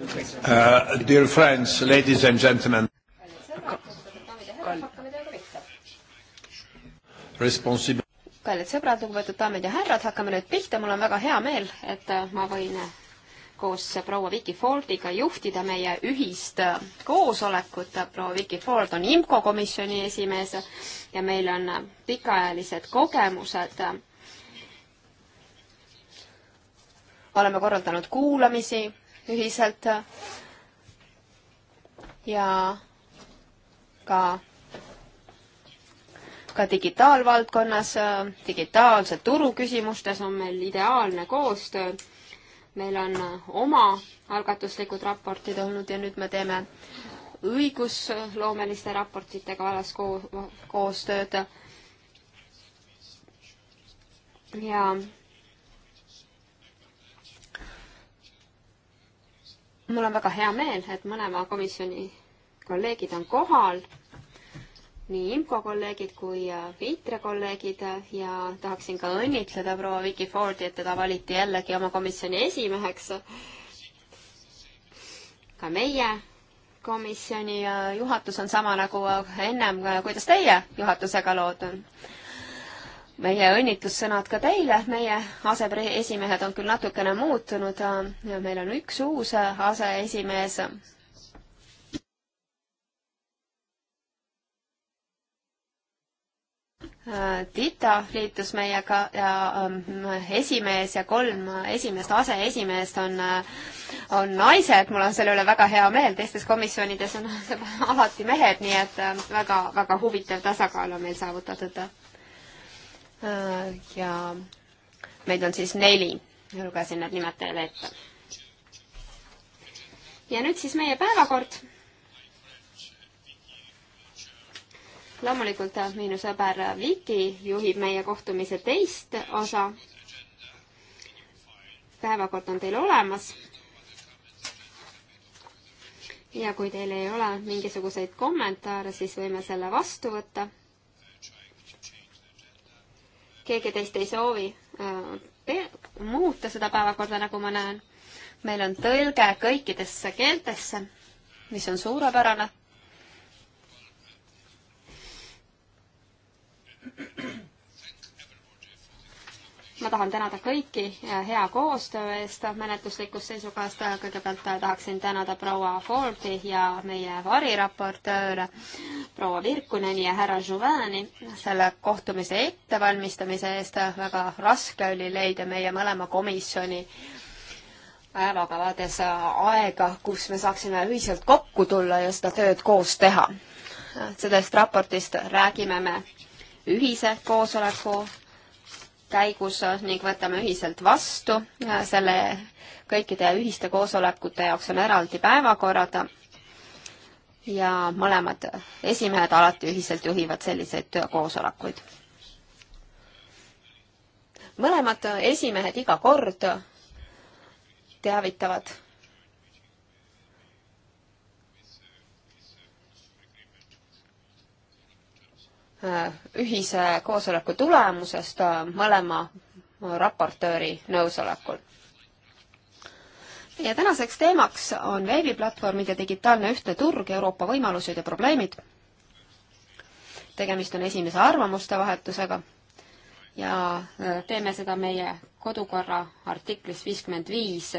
Uh, dear friends, ladies and gentlemen. Responsible. kallid sõbrad, lugupeetud daamid ja härrad, hakkame nüüd pihta, mul on väga hea meel, et äh, ma võin äh, koos proua Vicky Fordiga juhtida meie ühist äh, koosolekut. proua Vicky Ford on IMCO komisjoni esimees ja meil on pikaajalised kogemused. oleme korraldanud kuulamisi ühiselt ja ka ka digitaalvaldkonnas, digitaalse turu küsimustes on meil ideaalne koostöö. meil on oma algatuslikud raportid olnud ja nüüd me teeme õigusloomeliste raportitega alles koos, koostööd. ja mul on väga hea meel, et mõlema komisjoni kolleegid on kohal, nii IMCO kolleegid kui ITRE äh, kolleegid ja tahaksin ka õnnitleda proua Vicky Fordi, et teda valiti jällegi oma komisjoni esimeheks. ka meie komisjoni äh, juhatus on sama nagu äh, ennem, kuidas teie juhatusega lood on? meie õnnitlussõnad ka teile, meie aseesimehed on küll natukene muutunud, äh, meil on üks uus äh, aseesimees. Äh, Tita liitus meiega ja ähm, esimees ja kolm esimest aseesimeest on, on naised, mul on selle üle väga hea meel, teistes komisjonides on alati mehed, nii et väga, väga huvitav tasakaal on meil saavutatud Äh, ja meid on siis neli, lugesin need nimed teile ette. ja nüüd siis meie päevakord. loomulikult äh, minu sõber äh, Viki juhib meie kohtumise teist osa. päevakord on teil olemas ja kui teil ei ole mingisuguseid kommentaare, siis võime selle vastu võtta keegi teist ei soovi äh, muuta seda päevakorda, nagu ma näen. meil on tõlge kõikidesse keeltesse, mis on suurepärane ma tahan tänada kõiki hea koostöö eest menetluslikust seisukohast. kõigepealt tahaksin tänada proua Fordi ja meie variraportööre, proua Virkuneni ja härra Juvani selle kohtumise ettevalmistamise eest. väga raske oli leida meie mõlema komisjoni päevakavades aega, kus me saaksime ühiselt kokku tulla ja seda tööd koos teha. sellest raportist räägime me ühise koosoleku käigus ning võtame ühiselt vastu. Äh, selle kõikide ühiste koosolekute jaoks on eraldi päevakorrad ja mõlemad esimehed alati ühiselt juhivad selliseid töökoosolekuid. mõlemad esimehed iga kord teavitavad Äh, ühise koosoleku tulemusest äh, mõlema raportööri nõusolekul. ja tänaseks teemaks on veebiplatvormid ja digitaalne ühtne turg, Euroopa võimalused ja probleemid. tegemist on esimese arvamuste vahetusega ja äh, teeme seda meie kodukorra artiklis viiskümmend viis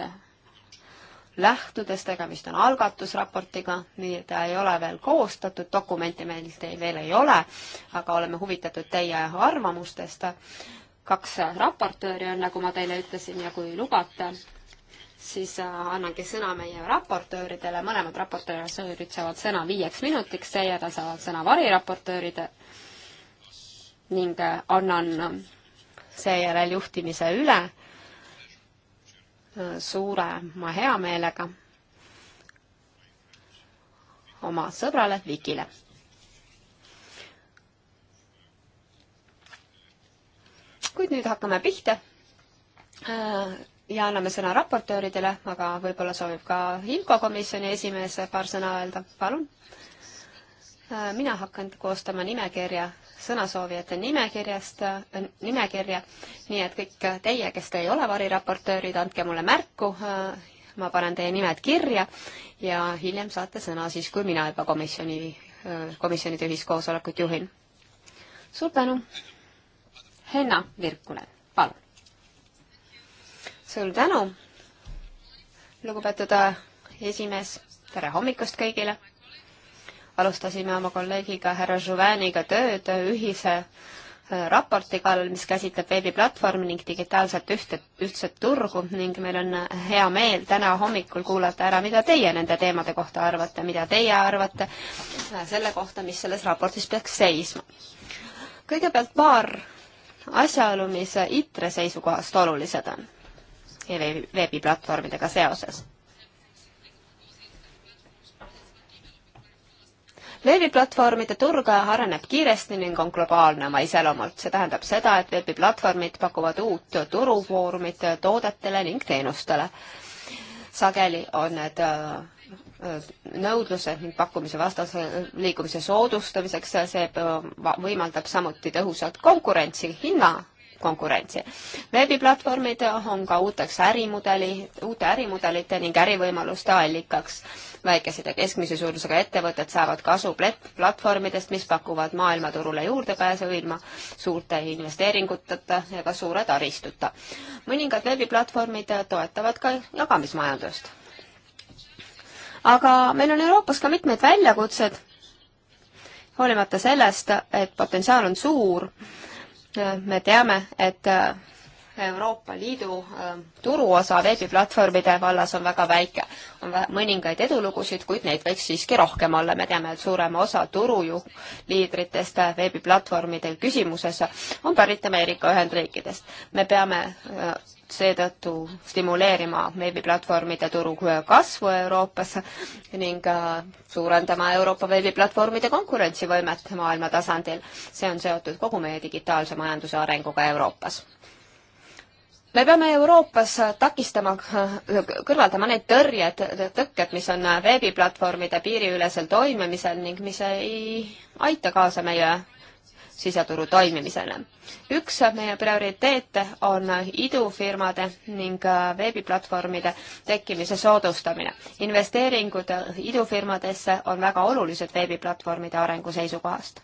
lähtudes, tegemist on algatusraportiga, nii ta ei ole veel koostatud, dokumente meil veel ei ole, aga oleme huvitatud teie arvamustest. kaks raportööri on, nagu ma teile ütlesin ja kui lubate, siis äh, annangi sõna meie raportööridele, mõlemad raportöörid saavad sõna viieks minutiks, seejärel saavad sõna variraportöörid ning äh, annan äh, seejärel juhtimise üle suurema heameelega oma sõbrale Vikile. kuid nüüd hakkame pihta äh, ja anname sõna raportööridele, aga võib-olla soovib ka IMCO komisjoni esimees paar sõna öelda, palun. Äh, mina hakkan koostama nimekirja sõnasoovijate nimekirjast, äh, nimekirja, nii et kõik teie, kes te ei ole variraportöörid, andke mulle märku, äh, ma panen teie nimed kirja ja hiljem saate sõna siis, kui mina juba komisjoni, äh, komisjonide ühiskoosolekut juhin. suur tänu! Henna Virkunen, palun! suur tänu, lugupeetud esimees, tere hommikust kõigile! alustasime oma kolleegiga härra Žuvaniga tööd ühise äh, raporti kallal, mis käsitleb veebiplatvormi ning digitaalset ühte, ühtset turgu ning meil on hea meel täna hommikul kuulata ära, mida teie nende teemade kohta arvate, mida teie arvate äh, selle kohta, mis selles raportis peaks seisma. kõigepealt paar asjaolu, mis ITRE seisukohast olulised on veebiplatvormidega seoses. veebiplatvormide turg areneb kiiresti ning on globaalne oma iseloomult. see tähendab seda, et veebiplatvormid pakuvad uut turufoorumit toodetele ning teenustele. sageli on need äh, nõudluse ning pakkumise vastase liikumise soodustamiseks, see äh, võimaldab samuti tõhusat konkurentsi hinna konkurentsi. veebiplatvormid on ka uuteks ärimudeli, uute ärimudelite ning ärivõimaluste allikaks. väikesed ja keskmise suurusega ettevõtted saavad kasu platvormidest, mis pakuvad maailmaturule juurdepääsu ilma suurte investeeringuteta ja ka suure taristuta. mõningad veebiplatvormid toetavad ka jagamismajandust. aga meil on Euroopas ka mitmed väljakutsed hoolimata sellest, et potentsiaal on suur me teame, et äh, Euroopa Liidu äh, turuosa veebiplatvormide vallas on väga väike. on mõningaid edulugusid, kuid neid võiks siiski rohkem olla, me teame, et suurema osa turuliidritest äh, veebiplatvormide küsimuses on pärit Ameerika Ühendriikidest. me peame seetõttu stimuleerima veebiplatvormide turu kasvu Euroopas ning äh, suurendama Euroopa veebiplatvormide konkurentsivõimet maailma tasandil. see on seotud kogu meie digitaalse majanduse arenguga Euroopas me peame Euroopas takistama, kõrvaldama need tõrjed, tõkked, mis on veebiplatvormide piiriülesel toimimisel ning mis ei aita kaasa meie siseturu toimimisele. üks meie prioriteete on idufirmade ning äh, veebiplatvormide tekkimise soodustamine. investeeringud idufirmadesse on väga olulised veebiplatvormide arengu seisukohast.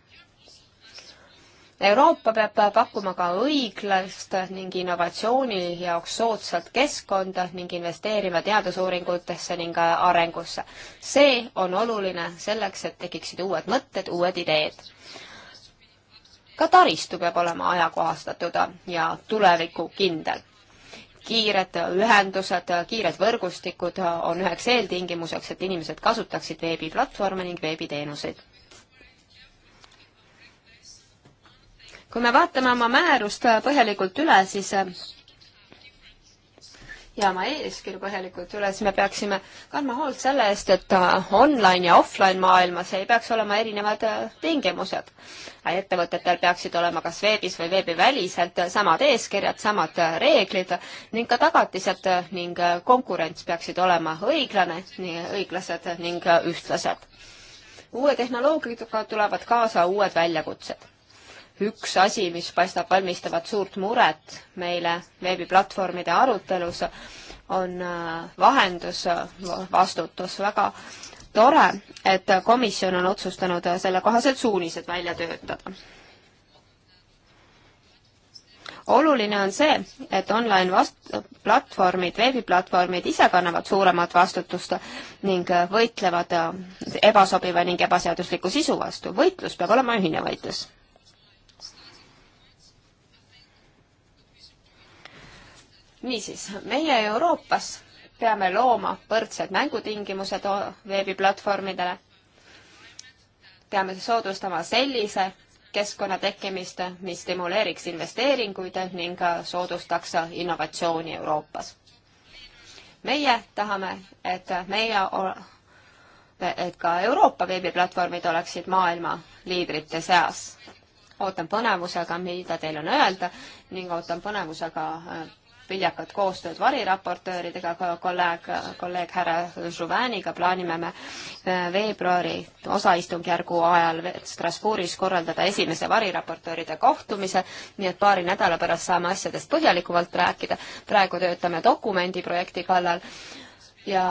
Euroopa peab pakkuma ka õiglast ning innovatsiooni jaoks soodsat keskkonda ning investeerima teadusuuringutesse ning äh, arengusse. see on oluline selleks, et tekiksid uued mõtted, uued ideed ka taristu peab olema ajakohastatud ja tulevikukindel. kiired ühendused, kiired võrgustikud on üheks eeltingimuseks, et inimesed kasutaksid veebiplatvorme ning veebiteenuseid. kui me vaatame oma määrust põhjalikult üle, siis ja oma eeskirju põhjalikult üle, siis me peaksime kandma hoolt selle eest, et online ja offline maailmas ei peaks olema erinevad äh, tingimused. Äh, ettevõtetel peaksid olema kas veebis või veebiväliselt samad eeskirjad, samad äh, reeglid ning ka tagatised ning konkurents peaksid olema õiglane, õiglased ning ühtlased. uue tehnoloogiaga tulevad kaasa uued väljakutsed üks asi, mis paistab valmistavat suurt muret meile veebiplatvormide arutelus, on äh, vahendusvastutus äh, väga tore, et komisjon on otsustanud äh, sellekohased suunised välja töötada. oluline on see, et online vast-, platvormid, veebiplatvormid ise kannavad suuremat vastutust ning võitlevad ebasobiva ning ebaseadusliku sisu vastu. võitlus peab olema ühine võitlus niisiis, meie Euroopas peame looma võrdsed mängutingimused veebiplatvormidele. peame soodustama sellise keskkonna tekkimist, mis stimuleeriks investeeringuid ning soodustaks innovatsiooni Euroopas. meie tahame, et meie, et ka Euroopa veebiplatvormid oleksid maailma liidrite seas. ootan põnevusega, mida teil on öelda ning ootan põnevusega äh, viljakat koostööd variraportööridega, kolleeg, kolleeg härra Žuvaniga plaanime me äh, veebruari osaistungjärgu ajal Strasbourgis korraldada esimese variraportööride kohtumise, nii et paari nädala pärast saame asjadest põhjalikumalt rääkida. praegu töötame dokumendiprojekti kallal ja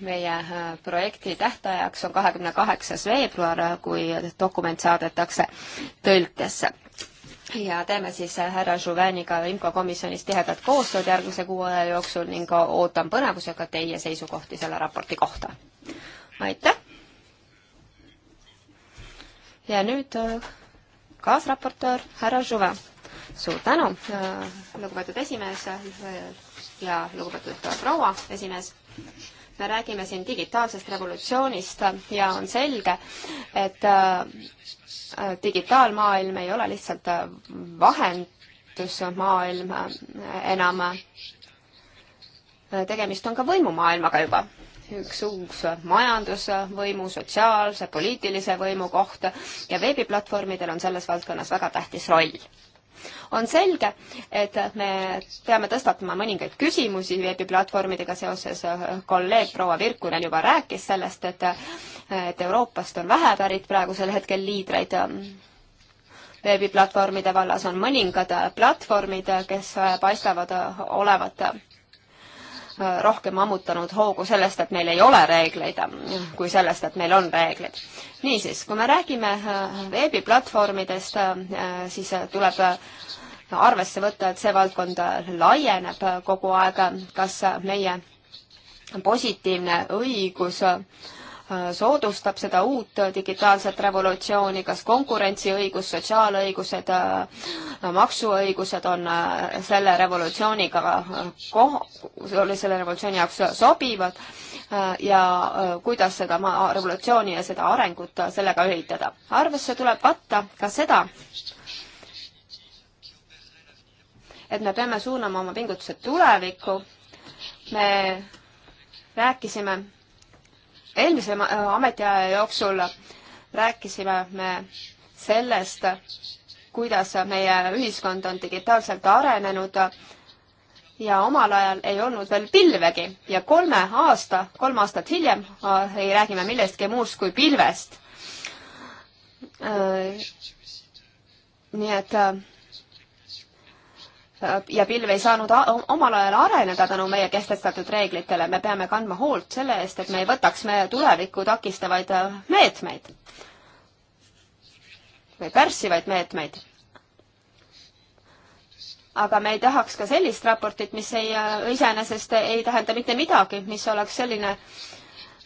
meie äh, projekti tähtajaks on kahekümne kaheksas veebruar, kui dokument saadetakse tõlkesse ja teeme siis äh, härra Žuveniga IMCO komisjonis tihedat koostööd järgmise kuu aja jooksul ning ootan põnevusega teie seisukohti selle raporti kohta. aitäh! ja nüüd äh, kaasraportöör härra Žuve. suur tänu, äh, lugupeetud esimees ja lugupeetud proua esimees me räägime siin digitaalsest revolutsioonist ja on selge, et äh, digitaalmaailm ei ole lihtsalt äh, vahendusmaailm äh, enam. tegemist on ka võimumaailmaga juba üks uus majandusvõimu, sotsiaalse, poliitilise võimu koht ja veebiplatvormidel on selles valdkonnas väga tähtis roll on selge, et me peame tõstatama mõningaid küsimusi veebiplatvormidega seoses. kolleeg proua Virkunen juba rääkis sellest, et, et Euroopast on vähe pärit praegusel hetkel liidreid veebiplatvormide vallas on mõningad platvormid, kes paistavad olevat Äh, rohkem ammutanud hoogu sellest, et meil ei ole reegleid, äh, kui sellest, et meil on reeglid. niisiis, kui me räägime äh, veebiplatvormidest, siis tuleb arvesse võtta, et see valdkond laieneb kogu aeg, kas meie positiivne õigus äh, Äh, soodustab seda uut digitaalset revolutsiooni, kas konkurentsiõigus, sotsiaalõigused, äh, maksuõigused on äh, selle revolutsiooniga, selle revolutsiooni jaoks sobivad ja kuidas seda revolutsiooni ja seda arengut sellega ühitada. arvesse tuleb võtta ka seda, et me peame suunama oma pingutused tulevikku. me rääkisime eelmise äh, ametiaja jooksul rääkisime me sellest, kuidas meie ühiskond on digitaalselt arenenud ja omal ajal ei olnud veel pilvegi ja kolme aasta, kolm aastat hiljem äh, ei räägi me millestki muust kui pilvest. Äh, nii et ja pilv ei saanud omal ajal areneda tänu meie kehtestatud reeglitele. me peame kandma hoolt selle eest, et me ei võtaks meie tulevikku takistavaid äh, meetmeid või pärssivaid meetmeid. aga me ei tahaks ka sellist raportit, mis ei, äh, iseenesest ei tähenda mitte midagi, mis oleks selline äh,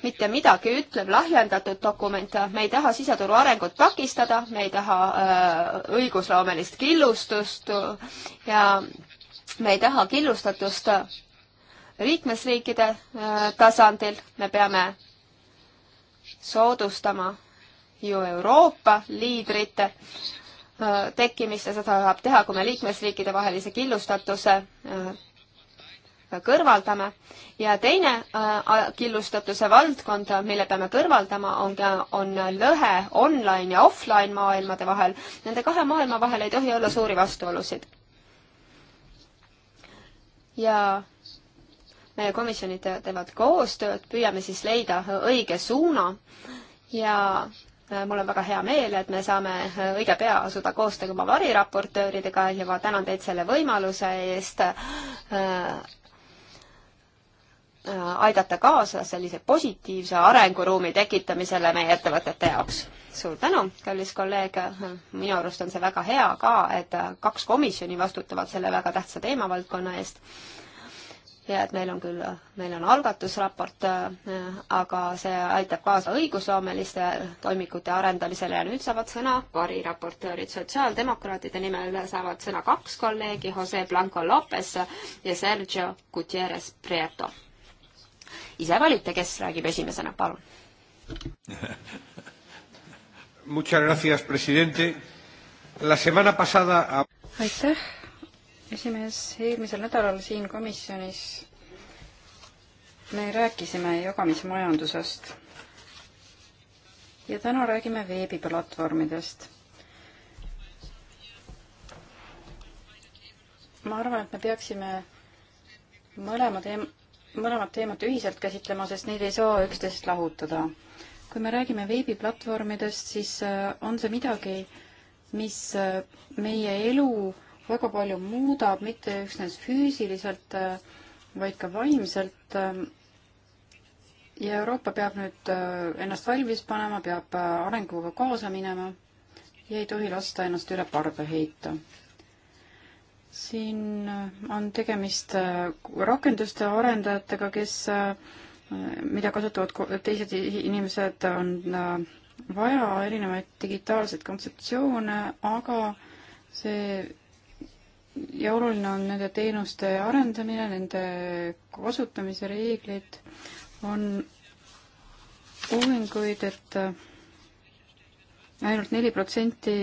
mitte midagi ütlev lahjendatud dokument, me ei taha siseturu arengut takistada, me ei taha äh, õigusloomelist killustust ja me ei taha killustatust liikmesriikide äh, tasandil, me peame soodustama ju Euroopa liidrite äh, tekkimist ja seda saab teha, kui me liikmesriikide vahelise killustatuse äh, kõrvaldame. ja teine äh, killustatuse valdkond, mille peame kõrvaldama, on, on lõhe online ja offline maailmade vahel. Nende kahe maailma vahel ei tohi olla suuri vastuolusid. ja meie komisjonid teevad koostööd, püüame siis leida õige suuna ja äh, mul on väga hea meel, et me saame äh, õige pea asuda koostööga oma variraportööridega ja ma tänan teid selle võimaluse eest Äh, aidata kaasa sellise positiivse arenguruumi tekitamisele meie ettevõtete jaoks. suur tänu, kallis kolleeg, minu arust on see väga hea ka, et kaks komisjoni vastutavad selle väga tähtsa teemavaldkonna eest ja et meil on küll, meil on algatusraport, äh, aga see aitab kaasa õigusloomeliste toimikute arendamisele ja nüüd saavad sõna variraportöörid. sotsiaaldemokraatide nimel saavad sõna kaks kolleegi, Jose Blanco Lopez ja Sergio Gutierrez Prieto ise valite, kes räägib esimesena, palun. aitäh, esimees, eelmisel nädalal siin komisjonis me rääkisime jagamismajandusest ja täna räägime veebiplatvormidest ma arvan, et me peaksime mõlema teem-, mõlemat teemat ühiselt käsitlema, sest neid ei saa üksteisest lahutada. kui me räägime veebiplatvormidest, siis äh, on see midagi, mis äh, meie elu väga palju muudab, mitte üksnes füüsiliselt, äh, vaid ka vaimselt. Ähm, ja Euroopa peab nüüd ennast valmis panema, peab arenguga kaasa minema ja ei tohi lasta ennast üle parda heita siin on tegemist äh, rakenduste arendajatega, kes, äh, mida kasutavad teised inimesed, on äh, vaja erinevaid digitaalseid kontseptsioone, aga see ja oluline on nende teenuste arendamine, nende kasutamise reeglid, on uuringuid, et ainult neli protsenti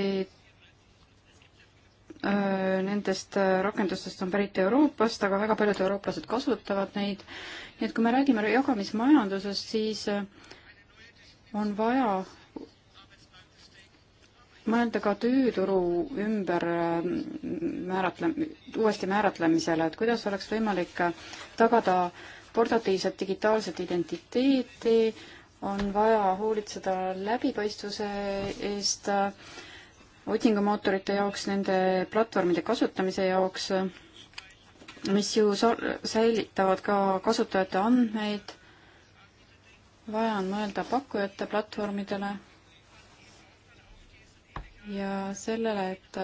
Äh, nendest äh, rakendustest on pärit Euroopast, aga väga paljud eurooplased kasutavad neid. nii et kui me räägime jagamismajandusest, siis äh, on vaja mõelda ka tööturu ümber määratle-, uuesti määratlemisele, et kuidas oleks võimalik tagada portatiivset digitaalset identiteeti, on vaja hoolitseda läbipaistvuse eest äh, otsingumootorite jaoks, nende platvormide kasutamise jaoks, mis ju säilitavad ka kasutajate andmeid. vaja on mõelda pakkujate platvormidele ja sellele, et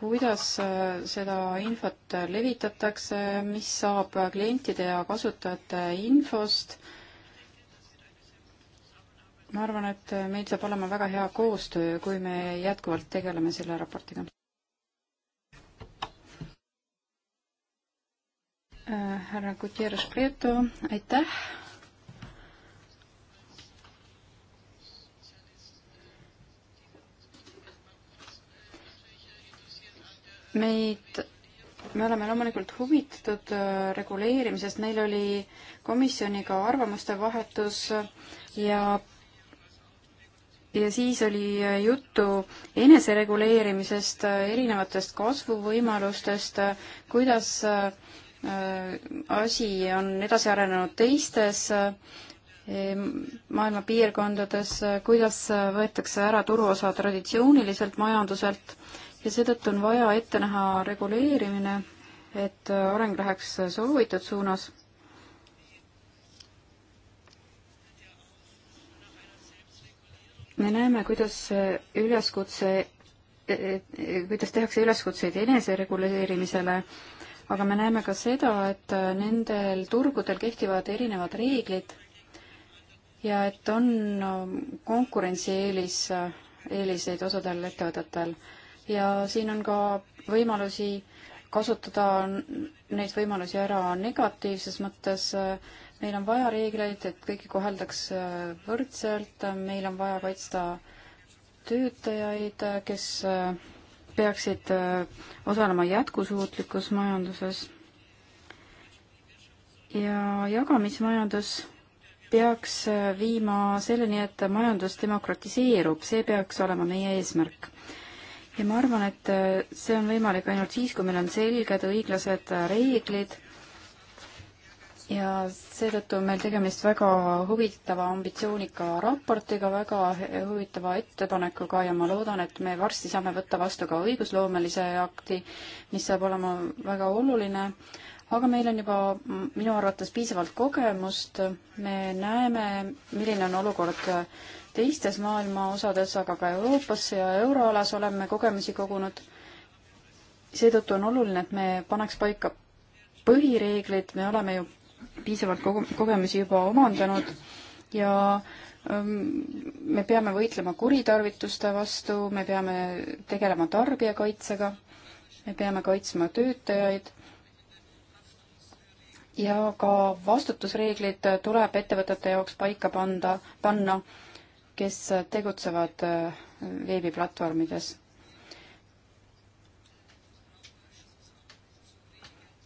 kuidas äh, seda infot levitatakse, mis saab klientide ja kasutajate infost ma arvan, et meil saab olema väga hea koostöö, kui me jätkuvalt tegeleme selle raportiga. Äh, härra Gutierrez Prieto, aitäh. meid me oleme loomulikult huvitatud äh, reguleerimisest, meil oli komisjoniga arvamuste vahetus ja ja siis oli äh, juttu enesereguleerimisest, äh, erinevatest kasvuvõimalustest, äh, kuidas asi on edasi arenenud teistes maailma piirkondades, kuidas võetakse ära turuosa traditsiooniliselt majanduselt ja seetõttu on vaja ette näha reguleerimine, et areng läheks soovitud suunas me näeme, kuidas üleskutse, e, e, kuidas tehakse üleskutseid enesereguleerimisele, aga me näeme ka seda, et nendel turgudel kehtivad erinevad reeglid ja et on konkurentsieelis, eeliseid osadel ettevõtetel. ja siin on ka võimalusi kasutada neid võimalusi ära negatiivses mõttes, meil on vaja reegleid, et kõiki koheldaks äh, võrdselt, meil on vaja kaitsta töötajaid, kes äh, peaksid äh, osalema jätkusuutlikus majanduses. ja jagamismajandus peaks viima selleni, et majandus demokratiseerub, see peaks olema meie eesmärk. ja ma arvan, et see on võimalik ainult siis, kui meil on selged õiglased reeglid ja seetõttu on meil tegemist väga huvitava ambitsioonika raportiga, väga huvitava ettepanekuga ja ma loodan, et me varsti saame võtta vastu ka õigusloomelise akti, mis saab olema väga oluline. aga meil on juba minu arvates piisavalt kogemust, me näeme, milline on olukord teistes maailma osades, aga ka Euroopas ja euroalas oleme kogemusi kogunud. seetõttu on oluline, et me paneks paika põhireeglid, me oleme ju piisavalt kogemusi juba omandanud ja ähm, me peame võitlema kuritarvituste vastu, me peame tegelema tarbijakaitsega, me peame kaitsma töötajaid ja ka vastutusreeglid tuleb ettevõtete jaoks paika panda, panna, kes tegutsevad äh, veebiplatvormides.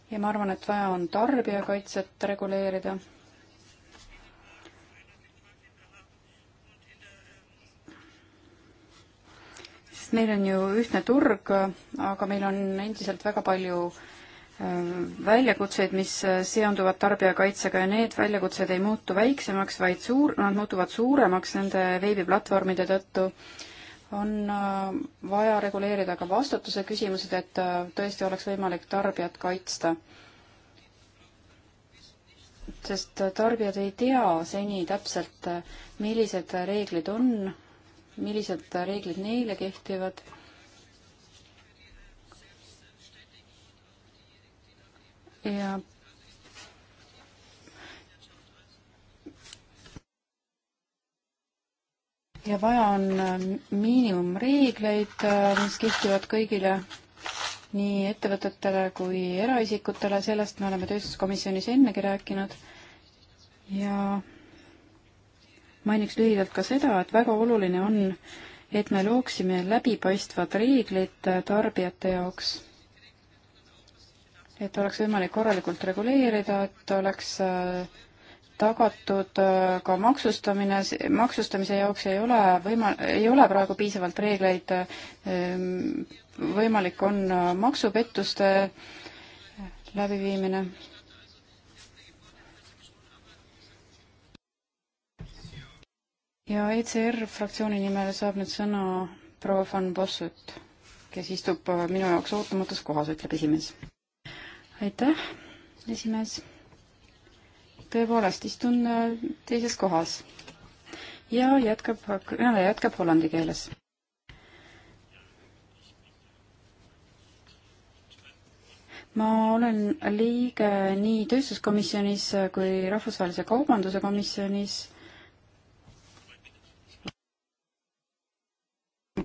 ja ma arvan, et vaja on tarbijakaitset reguleerida. sest meil on ju ühtne turg, aga meil on endiselt väga palju äh, väljakutseid, mis äh, seonduvad tarbijakaitsega ja need väljakutsed ei muutu väiksemaks, vaid suur, nad muutuvad suuremaks nende veebiplatvormide tõttu on äh, vaja reguleerida ka vastutuse küsimused, et äh, tõesti oleks võimalik tarbijat kaitsta. sest äh, tarbijad ei tea seni täpselt, millised reeglid on, millised reeglid neile kehtivad. ja ja vaja on äh, miinimumreegleid, äh, mis kehtivad kõigile, nii ettevõtetele kui eraisikutele, sellest me oleme tööstuskomisjonis ennegi rääkinud ja mainiks lühidalt ka seda, et väga oluline on, et me looksime läbipaistvad reeglid äh, tarbijate jaoks et oleks võimalik korralikult reguleerida, et oleks tagatud äh, ka maksustamine, maksustamise jaoks ei ole võima-, ei ole praegu piisavalt reegleid, äh, võimalik on äh, maksupettuste läbiviimine. ja ECR fraktsiooni nimel saab nüüd sõna proua Van Bossut, kes istub minu jaoks ootamatus kohas, ütleb esimees. aitäh, esimees tõepoolest istun äh, teises kohas ja jätkab, kõneleja jätkab hollandi keeles. ma olen liige nii tööstuskomisjonis kui Rahvusvahelise Kaubanduse Komisjonis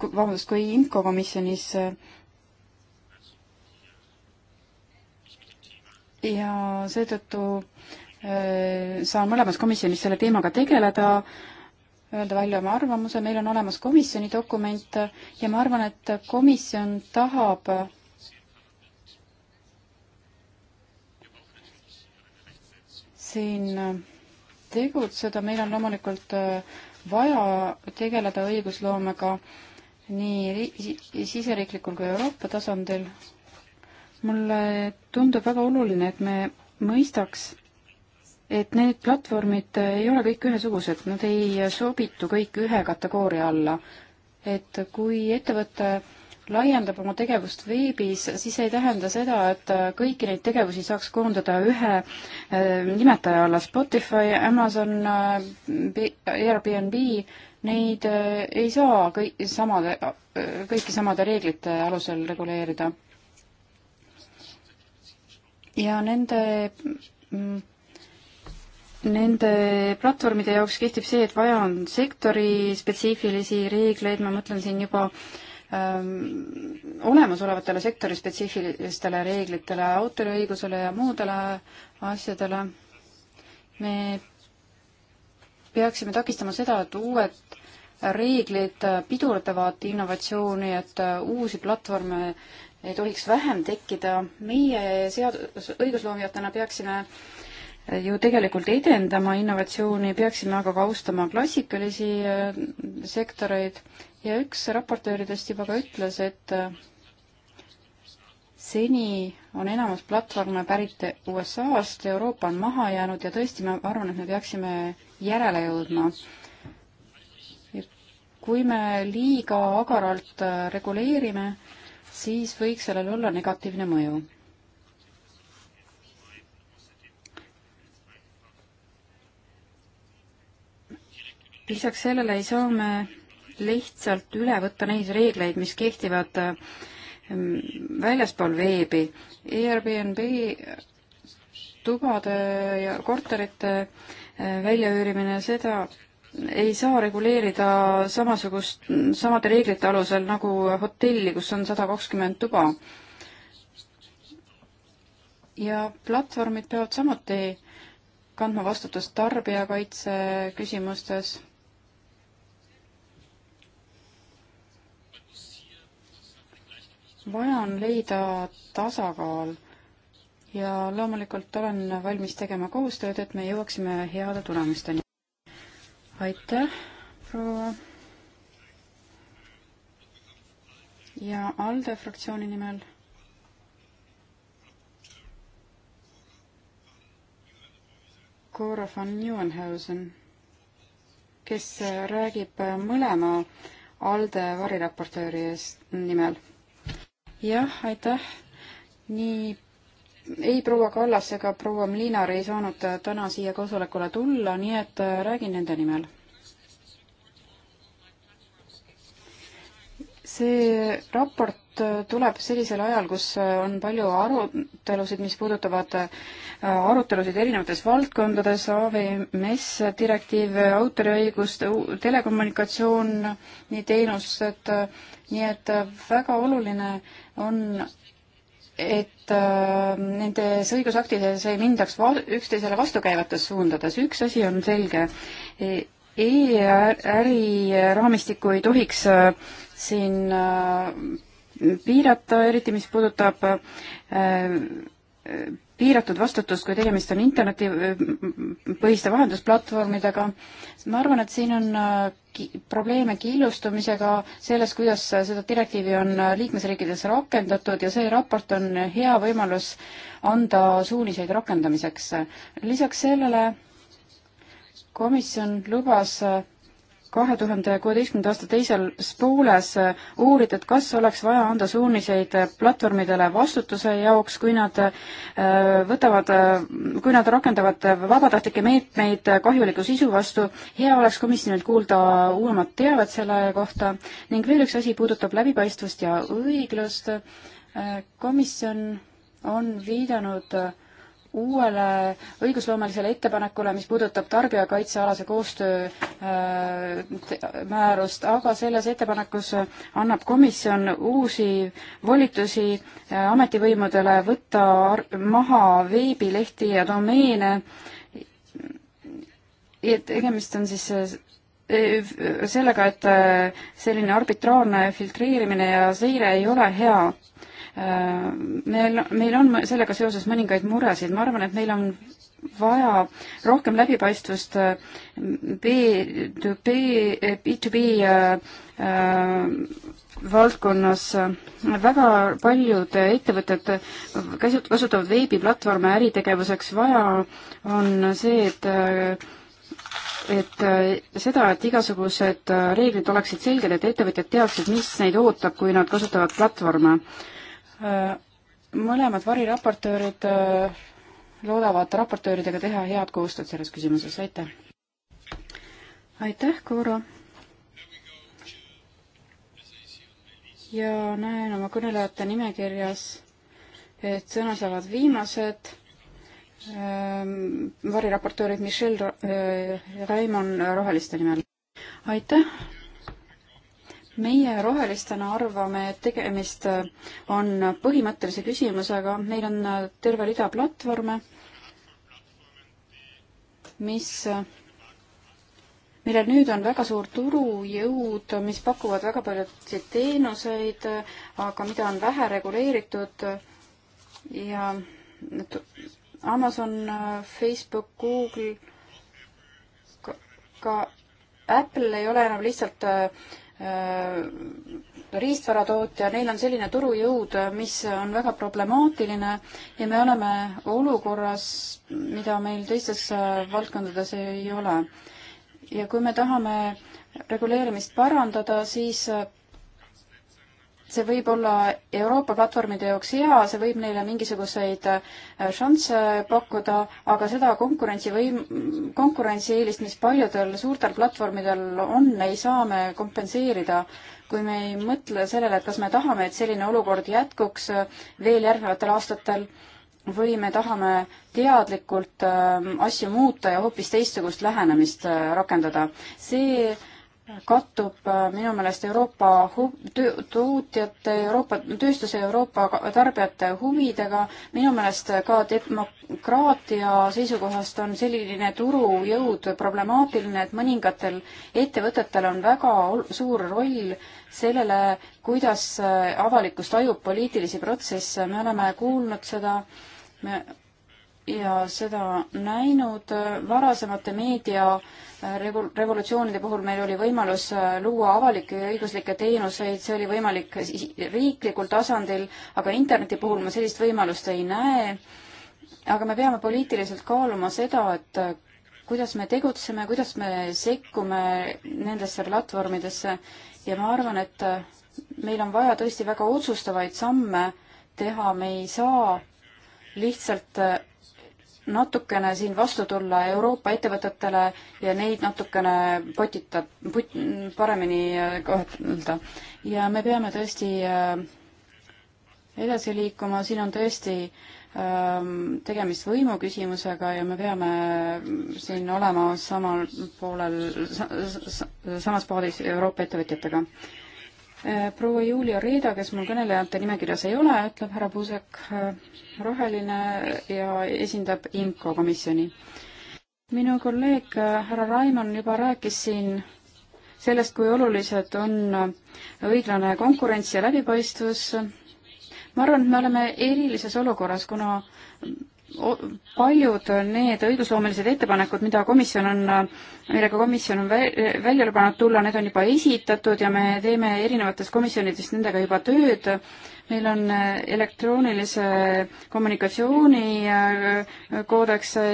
vabandust, kui IMCO komisjonis äh, ja seetõttu Äh, saan mõlemas komisjonis selle teemaga tegeleda, öelda välja oma arvamuse, meil on olemas komisjoni dokument ja ma arvan, et komisjon tahab siin tegutseda, meil on loomulikult äh, vaja tegeleda õigusloomega nii siseriiklikul kui Euroopa tasandil. mulle tundub väga oluline, et me mõistaks et need platvormid ei ole kõik ühesugused, nad ei sobitu kõik ühe kategooria alla. et kui ettevõte laiendab oma tegevust veebis, siis ei tähenda seda, et kõiki neid tegevusi saaks koondada ühe äh, nimetaja alla. Spotify, Amazon, äh, Airbnb, neid äh, ei saa kõik samade, kõiki samade reeglite alusel reguleerida. ja nende mm, Nende platvormide jaoks kehtib see, et vaja on sektori spetsiifilisi reegleid, ma mõtlen siin juba ähm, olemasolevatele sektori spetsiifilistele reeglitele, autoriõigusele ja muudele asjadele. me peaksime takistama seda, et uued reeglid pidurdavad innovatsiooni, et äh, uusi platvorme ei tohiks vähem tekkida. meie sead-, õigusloomijatena peaksime äh, ju tegelikult edendama innovatsiooni, peaksime aga ka austama klassikalisi äh, sektoreid ja üks raportööridest juba ka ütles, et äh, seni on enamus platvorme pärit USA-st, Euroopa on maha jäänud ja tõesti, ma arvan, et me peaksime järele jõudma. kui me liiga agaralt äh, reguleerime, siis võiks sellel olla negatiivne mõju lisaks sellele ei saa me lihtsalt üle võtta neid reegleid, mis kehtivad ähm, väljaspool veebi. Airbnb tubade ja korterite äh, väljaüürimine, seda ei saa reguleerida samasugust, samade reeglite alusel nagu hotelli, kus on sada kakskümmend tuba. ja platvormid peavad samuti kandma vastutust tarbijakaitse küsimustes vaja on leida tasakaal ja loomulikult olen valmis tegema koostööd, et me jõuaksime heade tulemusteni. aitäh, proua. ja ALDE fraktsiooni nimel Cora van Neuenhausen, kes räägib mõlema ALDE variraportööri eest nimel jah, aitäh. nii ei proua Kallas ega proua Mlinar ei saanud täna siia koosolekule tulla, nii et äh, räägin nende nimel. see raport Äh, tuleb sellisel ajal, kus äh, on palju arutelusid, mis puudutavad äh, arutelusid erinevates valdkondades, AVMS direktiiv, autoriõigust, telekommunikatsiooni teenused, nii et väga oluline on et äh, nendes õigusaktides ei mindaks va üksteisele vastukäivates suundades. üks asi on selge e, e-äri raamistikku ei tohiks äh, siin äh, piirata, eriti mis puudutab äh, äh, piiratud vastutust, kui tegemist on internetipõhiste äh, vahendusplatvormidega. ma arvan, et siin on ki probleeme killustumisega selles, kuidas seda direktiivi on liikmesriikides rakendatud ja see raport on hea võimalus anda suuniseid rakendamiseks. lisaks sellele komisjon lubas kahe tuhande kuueteistkümnenda aasta teises pooles äh, uurida, et kas oleks vaja anda suuniseid äh, platvormidele vastutuse jaoks, kui nad äh, võtavad, kui nad rakendavad vabatahtlikke meetmeid kahjuliku sisu vastu. hea oleks komisjonilt kuulda uuemat teavet selle kohta ning veel üks asi puudutab läbipaistvust ja õiglust. komisjon on viidanud uuele õigusloomelisele ettepanekule, mis puudutab tarbijakaitsealase koostöö äh, määrust, aga selles ettepanekus äh, annab komisjon uusi volitusi äh, ametivõimudele võtta maha veebilehti ja domeene. et tegemist on siis sellega, et selline arbitraarne filtreerimine ja seire ei ole hea meil, meil on sellega seoses mõningaid muresid, ma arvan, et meil on vaja rohkem läbipaistvust B2B, B2B äh, äh, valdkonnas väga paljud ettevõtted kasutavad veebiplatvorme äritegevuseks, vaja on see, et äh, et seda, et igasugused reeglid oleksid selged, et ettevõtjad teaksid, mis neid ootab, kui nad kasutavad platvorme. Äh, mõlemad variraportöörid äh, loodavad raportööridega teha head koostööd selles küsimuses, aitäh! aitäh, Koora! ja näen oma kõnelejate nimekirjas, et sõna saavad viimased ähm, variraportöörid Michelle äh, Raimon Roheliste nimel. aitäh, meie rohelistena arvame, et tegemist on põhimõttelise küsimusega, meil on terve rida platvorme, mis, millel nüüd on väga suur turujõud, mis pakuvad väga paljusid teenuseid, aga mida on vähe reguleeritud ja Amazon, Facebook, Google, ka Apple ei ole enam lihtsalt äh, Äh, riistvaratootja, neil on selline turujõud, mis on väga problemaatiline ja me oleme olukorras, mida meil teistes äh, valdkondades ei ole. ja kui me tahame reguleerimist parandada, siis äh, see võib olla Euroopa platvormide jaoks hea, see võib neile mingisuguseid äh, šansse pakkuda, aga seda konkurentsivõim-, konkurentsieelist, mis paljudel suurtel platvormidel on, ei saa me kompenseerida, kui me ei mõtle sellele, et kas me tahame, et selline olukord jätkuks äh, veel järgnevatel aastatel või me tahame teadlikult äh, asju muuta ja hoopis teistsugust lähenemist rakendada. see äh, kattub äh, minu meelest Euroopa tootjate, Euroopa tööstuse, Euroopa tarbijate huvidega. minu meelest ka demokraatia seisukohast on selline turujõud problemaatiline, et mõningatel ettevõtetel on väga suur roll sellele, kuidas äh, avalikkus tajub poliitilisi protsesse, me oleme kuulnud seda, me ja seda näinud varasemate meedia revol-, revolutsioonide puhul meil oli võimalus äh, luua avalikke ja õiguslikke teenuseid, see oli võimalik riiklikul tasandil, aga interneti puhul ma sellist võimalust ei näe. aga me peame poliitiliselt kaaluma seda, et äh, kuidas me tegutseme, kuidas me sekkume nendesse platvormidesse ja ma arvan, et äh, meil on vaja tõesti väga otsustavaid samme teha, me ei saa lihtsalt natukene siin vastu tulla Euroopa ettevõtetele ja neid natukene potita, put-, paremini äh, kohtelda. ja me peame tõesti äh, edasi liikuma, siin on tõesti ähm, tegemist võimu küsimusega ja me peame äh, siin olema samal poolel, samas paadis Euroopa ettevõtjatega Äh, proua Julia Reeda, kes mul kõnelejate nimekirjas ei ole, ütleb härra Puusek, äh, roheline ja esindab IMCO komisjoni. minu kolleeg äh, härra Raimon juba rääkis siin sellest, kui olulised on õiglane konkurents ja läbipaistvus. ma arvan, et me oleme erilises olukorras, kuna paljud need õigusloomelised ettepanekud, mida komisjon on, millega komisjon on välja lubanud tulla, need on juba esitatud ja me teeme erinevates komisjonides nendega juba tööd. meil on elektroonilise kommunikatsiooni äh, koodeks äh,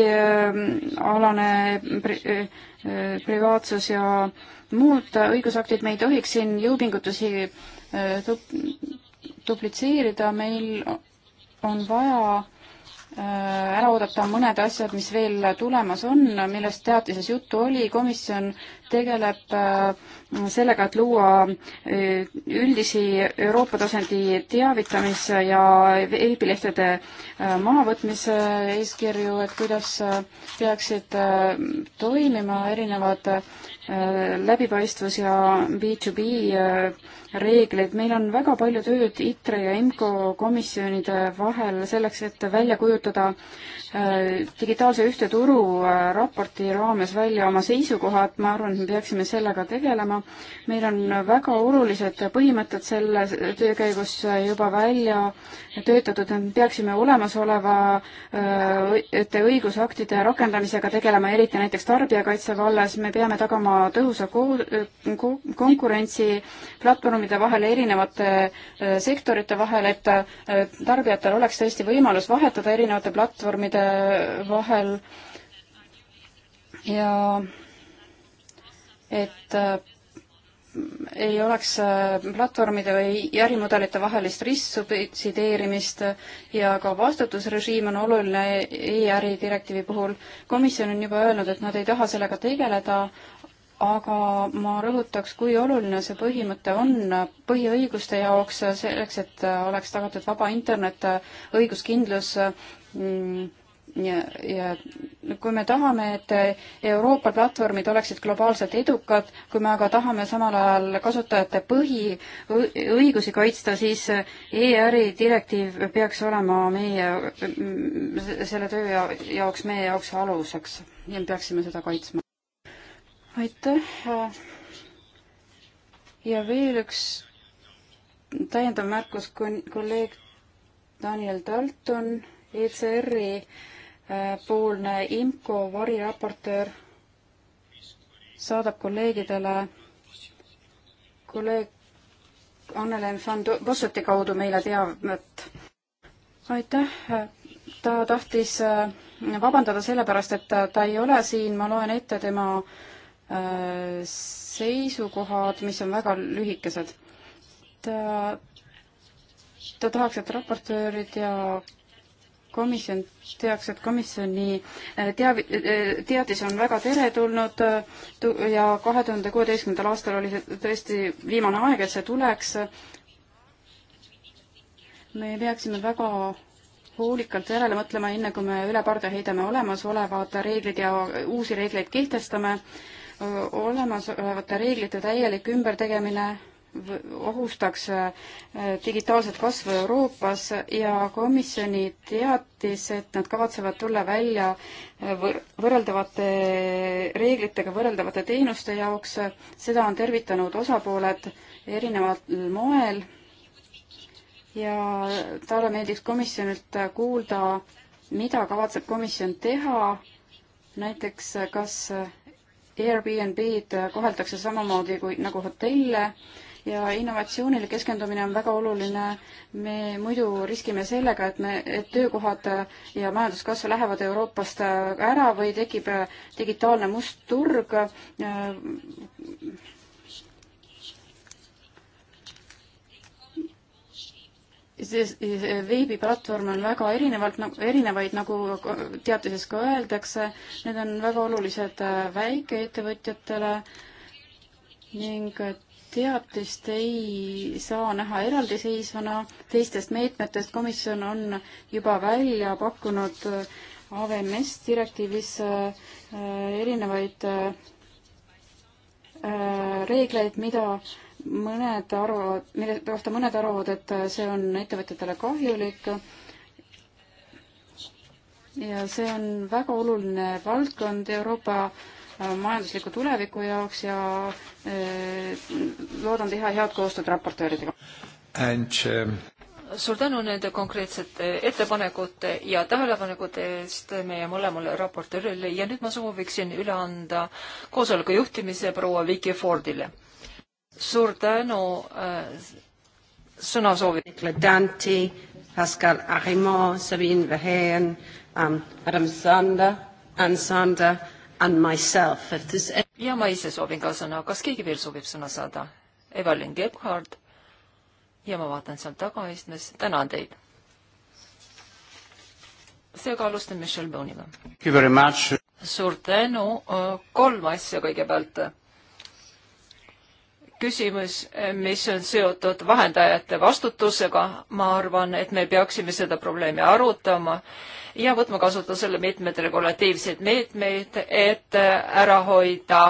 e-alane pri, äh, privaatsus ja muud õigusaktid, me ei tohiks siin jõupingutusi duplitseerida, meil on vaja Äh, ära oodata mõned asjad, mis veel tulemas on, millest teatises juttu oli, komisjon tegeleb äh, sellega, et luua äh, üldisi Euroopa tasandi teavitamise ja veebilehtede mahavõtmise eeskirju, et kuidas peaksid toimima erinevad läbipaistvus ja B2B reegleid, meil on väga palju tööd ITRE ja IMCO komisjonide vahel selleks, et välja kujutada äh, digitaalse ühtse turu äh, raporti raames välja oma seisukohad, ma arvan, et me peaksime sellega tegelema. meil on väga olulised põhimõtted selle töö käigus juba välja töötatud, et me peaksime olemasolevate äh, õigusaktide rakendamisega tegelema, eriti näiteks tarbijakaitse vallas, me peame tagama tõhusa ko-, ko-, konkurentsi platvormi, sõnumide vahel erinevate äh, sektorite vahel, et äh, tarbijatel oleks tõesti võimalus vahetada erinevate platvormide vahel ja et äh, ei oleks platvormide või ärimudelite vahelist ristsubsideerimist ja ka vastutusrežiim on oluline e-äri direktiivi puhul. komisjon on juba öelnud, et nad ei taha sellega tegeleda, aga ma rõhutaks, kui oluline see põhimõte on põhiõiguste jaoks, selleks et oleks tagatud vaba internet, õiguskindlus mm, ja, ja kui me tahame, et Euroopa platvormid oleksid globaalselt edukad, kui me aga tahame samal ajal kasutajate põhiõigusi kaitsta, siis ERi direktiiv peaks olema meie, selle töö jaoks, meie jaoks aluseks ja me peaksime seda kaitsma aitäh. ja veel üks täiendav märkus, kolleeg Daniel Dalton, ECR-i äh, poolne IMCO variraportöör saadab kolleegidele kolleeg Annelen van Bosseti kaudu meile teavet. aitäh, ta tahtis äh, vabandada selle pärast, et ta ei ole siin, ma loen ette tema äh, Äh, seisukohad, mis on väga lühikesed. ta, ta tahaks, et raportöörid ja komisjon teaks, et komisjoni äh, teavi-, äh, teadis on väga teretulnud ja kahe tuhande kuueteistkümnendal aastal oli see tõesti viimane aeg, et see tuleks. me peaksime väga hoolikalt järele mõtlema, enne kui me üle parda heidame olemasolevad reeglid ja uusi reegleid kehtestame olemasolevate reeglite täielik ümbertegemine ohustaks äh, digitaalset kasvu Euroopas ja komisjoni teatis, et nad kavatsevad tulla välja äh, võrreldavate reeglitega võrreldavate teenuste jaoks. seda on tervitanud osapooled erineval moel ja talle meeldiks komisjonilt kuulda, mida kavatseb komisjon teha, näiteks kas Airbnb-d koheldakse samamoodi kui, nagu hotelle ja innovatsioonile keskendumine on väga oluline. me muidu riskime sellega, et me, et töökohad ja majanduskasv lähevad Euroopast ära või tekib digitaalne must turg veebiplatvorme on väga erinevalt, nagu, erinevaid, nagu teatises ka öeldakse, need on väga olulised äh, väikeettevõtjatele ning äh, teatist ei saa näha eraldiseisvana teistest meetmetest. komisjon on juba välja pakkunud äh, AVMS direktiivis erinevaid reegleid, mida mõned arvavad, mille kohta mõned arvavad, et see on ettevõtjatele kahjulik. ja see on väga oluline valdkond Euroopa äh, majandusliku tuleviku jaoks ja äh, loodan teha head koostööd raportööridega. Um... suur tänu nende konkreetsete ettepanekute ja tähelepanekute eest meie mõlemale raportöörile ja nüüd ma sooviksin üle anda koosoleku juhtimise proua Vicky Fordile suur tänu äh, sõnasoovi. Danti, Pascal Arimont, Sabine Verheyen um,, Adam Sander, Ann Sander and myself if this ja ma ise soovin ka sõna, kas keegi veel soovib sõna saada? Evelyn Gebhard ja ma vaatan seal tagaistmes, tänan teid. seega alustan Michelle Boniga. suur tänu, äh, kolm asja kõigepealt küsimus, mis on seotud vahendajate vastutusega, ma arvan, et me peaksime seda probleemi arutama ja võtma kasutusele mitmed regulatiivsed meetmed, et ära hoida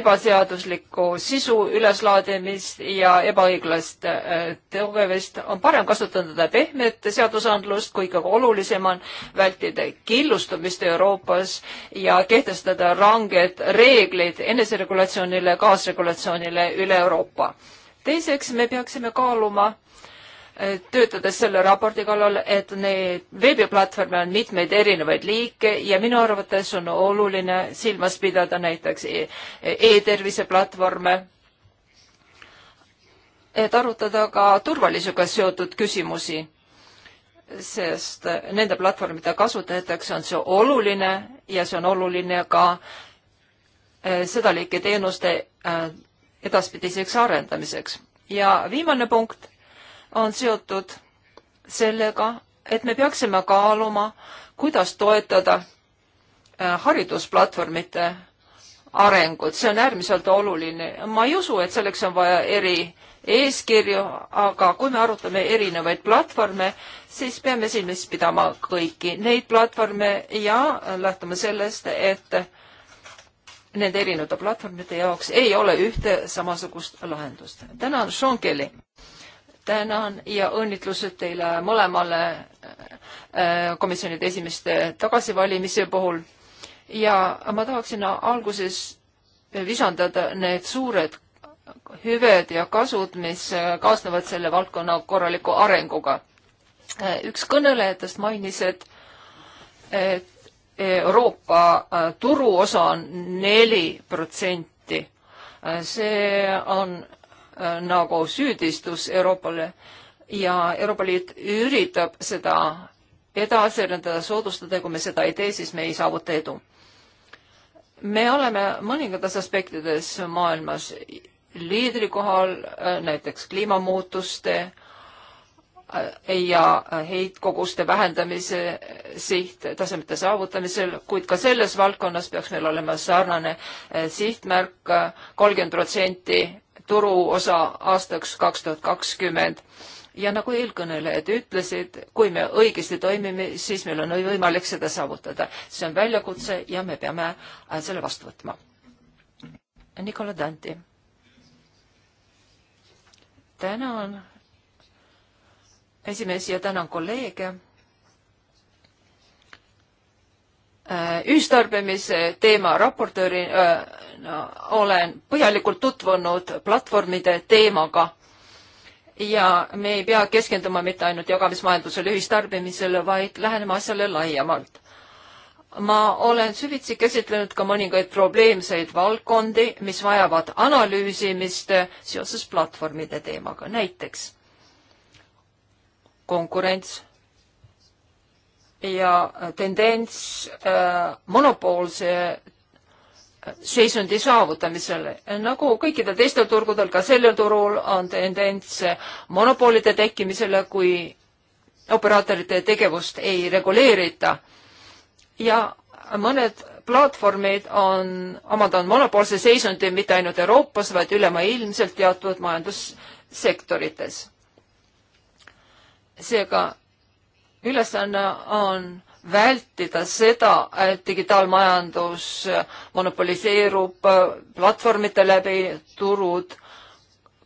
ebaseaduslikku sisu üleslaadimist ja ebaõiglast äh, tegevust. on parem kasutada pehmet seadusandlust, kui ka olulisem on vältida killustumist Euroopas ja kehtestada ranged reeglid eneseregulatsioonile, kaasregulatsioonile üle Euroopa. teiseks, me peaksime kaaluma töötades selle raporti kallal, et neid veebiplatvorme on mitmeid erinevaid liike ja minu arvates on oluline silmas pidada näiteks e-, e-tervise e platvorme, et arutada ka turvalisusega seotud küsimusi, sest nende platvormide kasutajatakse, on see oluline ja see on oluline ka e, seda liiki teenuste e, edaspidiseks arendamiseks. ja viimane punkt on seotud sellega, et me peaksime kaaluma, kuidas toetada äh, haridusplatvormide arengut, see on äärmiselt oluline. ma ei usu, et selleks on vaja eri eeskirju, aga kui me arutame erinevaid platvorme, siis peame silmis pidama kõiki neid platvorme ja lähtuma sellest, et nende erinevate platvormide jaoks ei ole ühte samasugust lahendust. tänan, Sean Kelly tänan ja õnnitlused teile mõlemale äh, äh, komisjonide esimeste tagasivalimise puhul. ja ma tahaksin alguses visandada need suured hüved ja kasud, mis äh, kaasnevad selle valdkonna korraliku arenguga. üks kõnelejatest mainis, et, et Euroopa turuosa on neli protsenti. see on Äh, nagu süüdistus Euroopale ja Euroopa Liit üritab seda edasi arendada, soodustada ja kui me seda ei tee, siis me ei saavuta edu. me oleme mõningates aspektides maailmas liidrikohal, äh, näiteks kliimamuutuste äh, ja heitkoguste vähendamise sihttasemete saavutamisel, kuid ka selles valdkonnas peaks meil olema sarnane sihtmärk kolmkümmend protsenti turuosa aastaks kaks tuhat kakskümmend ja nagu eelkõnelejad ütlesid, kui me õigesti toimime, siis meil on võimalik seda saavutada. see on väljakutse ja me peame äh, selle vastu võtma. Nicola Danti. tänan esimees ja tänan kolleege Äh, ühistarbimise teema raportööri äh, no, olen põhjalikult tutvunud platvormide teemaga ja me ei pea keskenduma mitte ainult jagamismajandusele, ühistarbimisele, vaid lähenema asjale laiemalt. ma olen süvitsi käsitlenud ka mõningaid probleemseid valdkondi, mis vajavad analüüsimist seoses platvormide teemaga, näiteks konkurents ja tendents äh, monopoolse äh, seisundi saavutamisele. nagu kõikidel teistel turgudel, ka sellel turul on tendents monopolide tekkimisele, kui operaatorite tegevust ei reguleerita. ja mõned platvormid on omandanud monopoolse seisundi mitte ainult Euroopas, vaid ülemaailmselt teatud majandussektorites. seega ülesanne on vältida seda, et digitaalmajandus monopoliseerub platvormide läbi, turud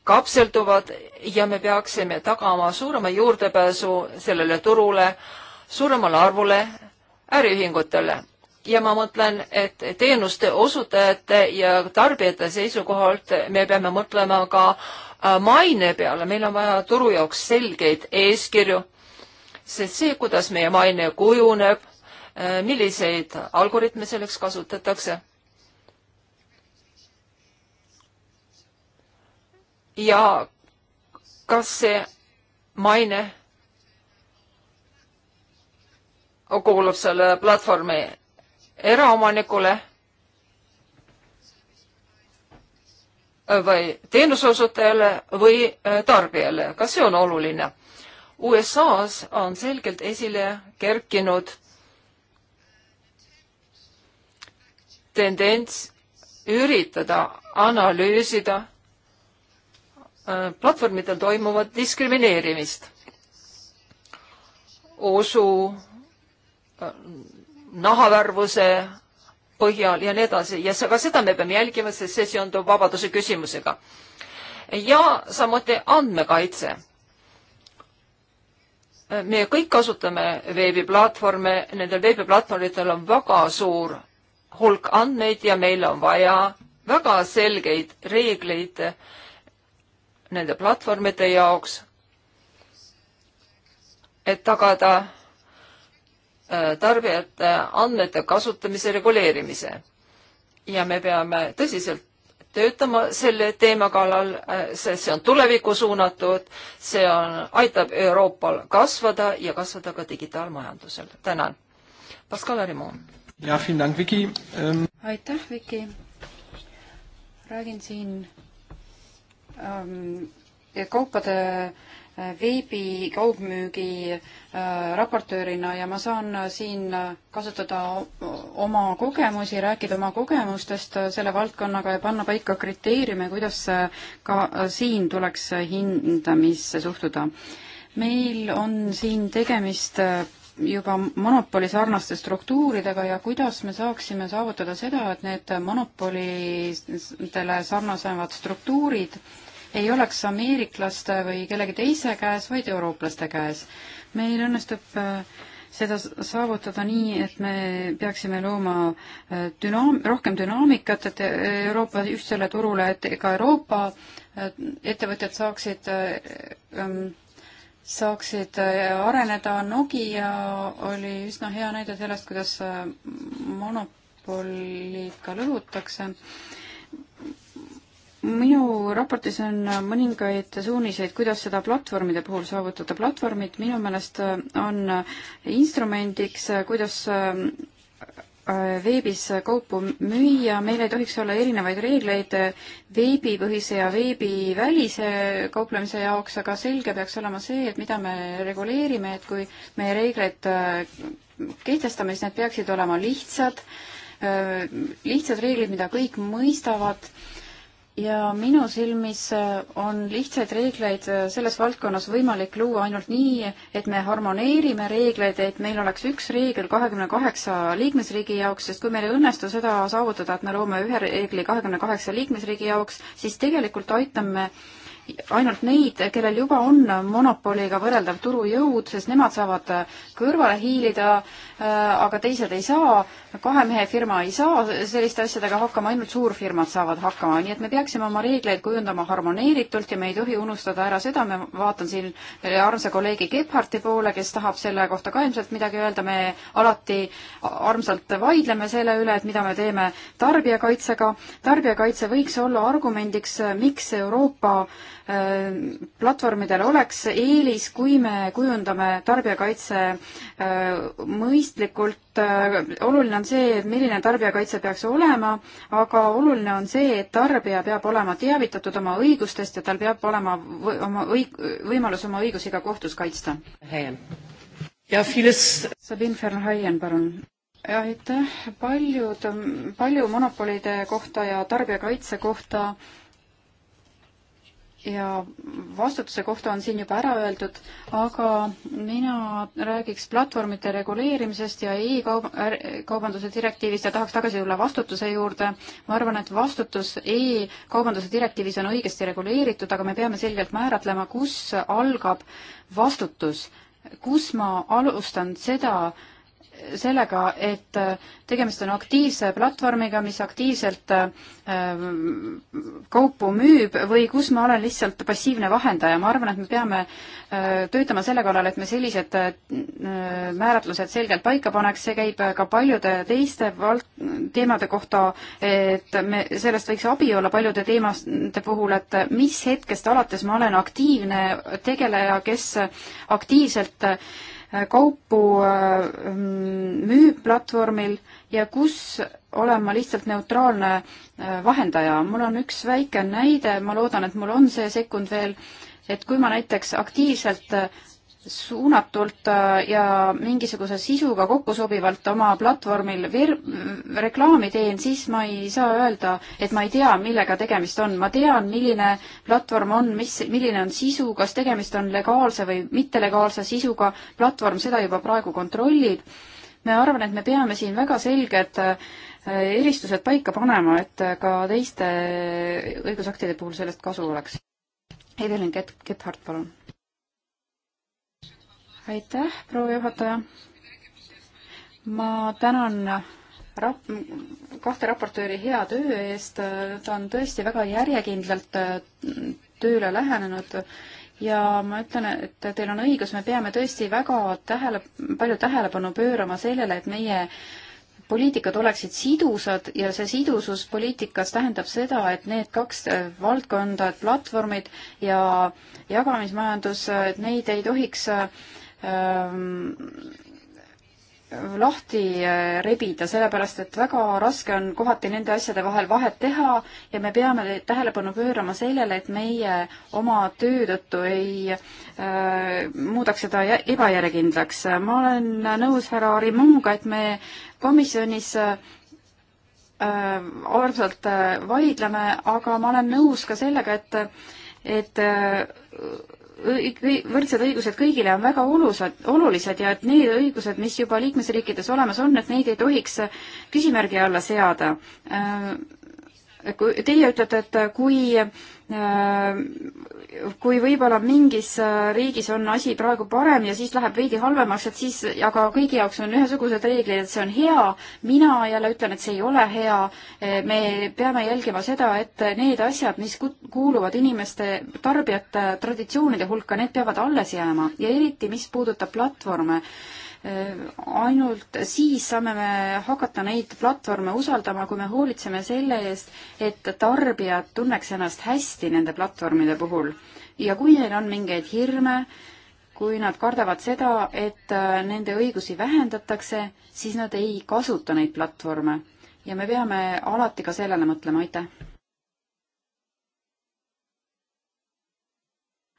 kapselduvad ja me peaksime tagama suurema juurdepääsu sellele turule, suuremale arvule äriühingutele. ja ma mõtlen, et teenuste osutajate ja tarbijate seisukohalt me peame mõtlema ka maine peale, meil on vaja turu jaoks selgeid eeskirju sest see, kuidas meie maine kujuneb, äh, milliseid algoritme selleks kasutatakse ja kas see maine kuulub selle platvormi eraomanikule või teenuseosutajale või äh, tarbijale, kas see on oluline? USA-s on selgelt esile kerkinud tendents üritada analüüsida äh, platvormidel toimuvat diskrimineerimist, usu, äh, nahavärvuse põhjal ja nii edasi ja ka seda me peame jälgima, sest see seondub vabaduse küsimusega. ja samuti andmekaitse me kõik kasutame veebiplatvorme, nendel veebiplatvormidel on väga suur hulk andmeid ja meil on vaja väga selgeid reegleid nende platvormide jaoks, et tagada äh, tarbijate andmete kasutamise reguleerimise. ja me peame tõsiselt töötama selle teema kallal, äh, sest see on tulevikku suunatud, see on, aitab Euroopal kasvada ja kasvada ka digitaalmajandusel. tänan. Pascal Arimon. jah, tänan, Viki ähm.... aitäh, Viki. räägin siin ähm, kaupade äh, veebi kaugmüügi äh, raportöörina ja ma saan äh, siin kasutada oma kogemusi, rääkida oma kogemustest äh, selle valdkonnaga ja panna paika kriteeriume, kuidas ka siin tuleks hindamisse suhtuda. meil on siin tegemist juba monopoli sarnaste struktuuridega ja kuidas me saaksime saavutada seda, et need monopolidele sarnasemad struktuurid äh, ei oleks ameeriklaste või kellegi teise käes, vaid eurooplaste käes. meil õnnestub äh, seda saavutada nii, et me peaksime looma äh, dünaam-, rohkem dünaamikat, et äh, Euroopa ühtsele turule, et ka Euroopa ettevõtjad saaksid ähm, saaksid areneda, Nokia oli üsna hea näide sellest, kuidas monopoli ikka lõhutakse minu raportis on mõningaid suuniseid, kuidas seda platvormide puhul saavutada. platvormid minu meelest on instrumendiks, kuidas äh, veebis kaupu müüa, meil ei tohiks olla erinevaid reegleid veebipõhise ja veebivälise kauplemise jaoks, aga selge peaks olema see, et mida me reguleerime, et kui meie reegleid äh, kehtestame, siis need peaksid olema lihtsad, äh, lihtsad reeglid, mida kõik mõistavad ja minu silmis äh, on lihtsaid reegleid äh, selles valdkonnas võimalik luua ainult nii, et me harmoneerime reegleid, et meil oleks üks reegel kahekümne kaheksa liikmesriigi jaoks, sest kui meil ei õnnestu seda saavutada, et me loome ühe reegli kahekümne kaheksa liikmesriigi jaoks, siis tegelikult aitame me ainult neid, kellel juba on monopoliga võrreldav turujõud, sest nemad saavad kõrvale hiilida, äh, aga teised ei saa. kahe mehe firma ei saa selliste asjadega hakkama, ainult suurfirmad saavad hakkama, nii et me peaksime oma reegleid kujundama harmoneeritult ja me ei tohi unustada ära seda, me vaatan siin armsa kolleegi Gebharti poole, kes tahab selle kohta ka ilmselt midagi öelda, me alati armsalt vaidleme selle üle, et mida me teeme tarbijakaitsega. tarbijakaitse võiks olla argumendiks, miks Euroopa äh, platvormidel oleks eelis, kui me kujundame tarbijakaitse äh, mõistlikult. Äh, oluline on see, et milline tarbijakaitse peaks olema, aga oluline on see, et tarbija peab olema teavitatud oma õigustest ja tal peab olema või, oma õig-, võimalus oma õigusi ka kohtus kaitsta. ja Filis. Sabine Fernhaien, palun jah, aitäh, paljud, palju monopolide kohta ja tarbijakaitse kohta äh, ja vastutuse kohta on siin juba ära öeldud, aga mina räägiks platvormide reguleerimisest ja e-kaubanduse direktiivist ja tahaks tagasi tulla vastutuse juurde. ma arvan, et vastutus e-kaubanduse direktiivis on õigesti reguleeritud, aga me peame selgelt määratlema, kus algab vastutus, kus ma alustan seda äh, sellega, et äh, tegemist on aktiivse platvormiga, mis aktiivselt äh, kaupu müüb või kus ma olen lihtsalt passiivne vahendaja, ma arvan, et me peame äh, töötama selle kallal, et me sellised määratlused selgelt paika paneks, see käib ka paljude teiste vald-, teemade kohta, et me, sellest võiks abi olla paljude teemade puhul, et mis hetkest alates ma olen aktiivne tegeleja, kes aktiivselt äh, kaupu äh, müüb platvormil ja kus olen ma lihtsalt neutraalne äh, vahendaja. mul on üks väike näide, ma loodan, et mul on see sekund veel, et kui ma näiteks aktiivselt äh, suunatult äh, ja mingisuguse sisuga kokkusobivalt oma platvormil ver-, reklaami teen, siis ma ei saa öelda, et ma ei tea, millega tegemist on. ma tean, milline platvorm on, mis, milline on sisu, kas tegemist on legaalse või mittelegaalse sisuga, platvorm seda juba praegu kontrollib. ma arvan, et me peame siin väga selged äh, eristused paika panema, et äh, ka teiste õigusaktide puhul sellest kasu oleks. Evelyn Get-, Gethard, palun aitäh, proua juhataja. ma tänan rap-, kahte raportööri hea töö eest, ta on tõesti väga järjekindlalt mm, tööle lähenenud ja ma ütlen, et teil on õigus, me peame tõesti väga tähele, palju tähelepanu pöörama sellele, et meie poliitikad oleksid sidusad ja see sidusus poliitikas tähendab seda, et need kaks äh, valdkonda, et platvormid ja jagamismajandus, äh, et neid ei tohiks äh, Ähm, lahti äh, rebida, sellepärast et väga raske on kohati nende asjade vahel vahet teha ja me peame tähelepanu pöörama sellele, et meie oma töö tõttu ei äh, muudaks seda ebajärjekindlaks. ma olen nõus härra Arimonga, et me komisjonis äh, armsalt äh, vaidleme, aga ma olen nõus ka sellega, et, et äh, võrdsed õigused kõigile on väga olusad, olulised ja et need õigused, mis juba liikmesriikides olemas on, et neid ei tohiks küsimärgi alla seada. Äh, kui teie ütlete, et kui äh, kui võib-olla mingis äh, riigis on asi praegu parem ja siis läheb veidi halvemaks, et siis, aga kõigi jaoks on ühesugused reeglid, et see on hea. mina jälle ütlen, et see ei ole hea. me peame jälgima seda, et need asjad, mis kuuluvad inimeste, tarbijate traditsioonide hulka, need peavad alles jääma ja eriti, mis puudutab platvorme ainult siis saame me hakata neid platvorme usaldama, kui me hoolitseme selle eest, et tarbijad tunneks ennast hästi nende platvormide puhul. ja kui neil on mingeid hirme, kui nad kardavad seda, et äh, nende õigusi vähendatakse, siis nad ei kasuta neid platvorme. ja me peame alati ka sellele mõtlema, aitäh!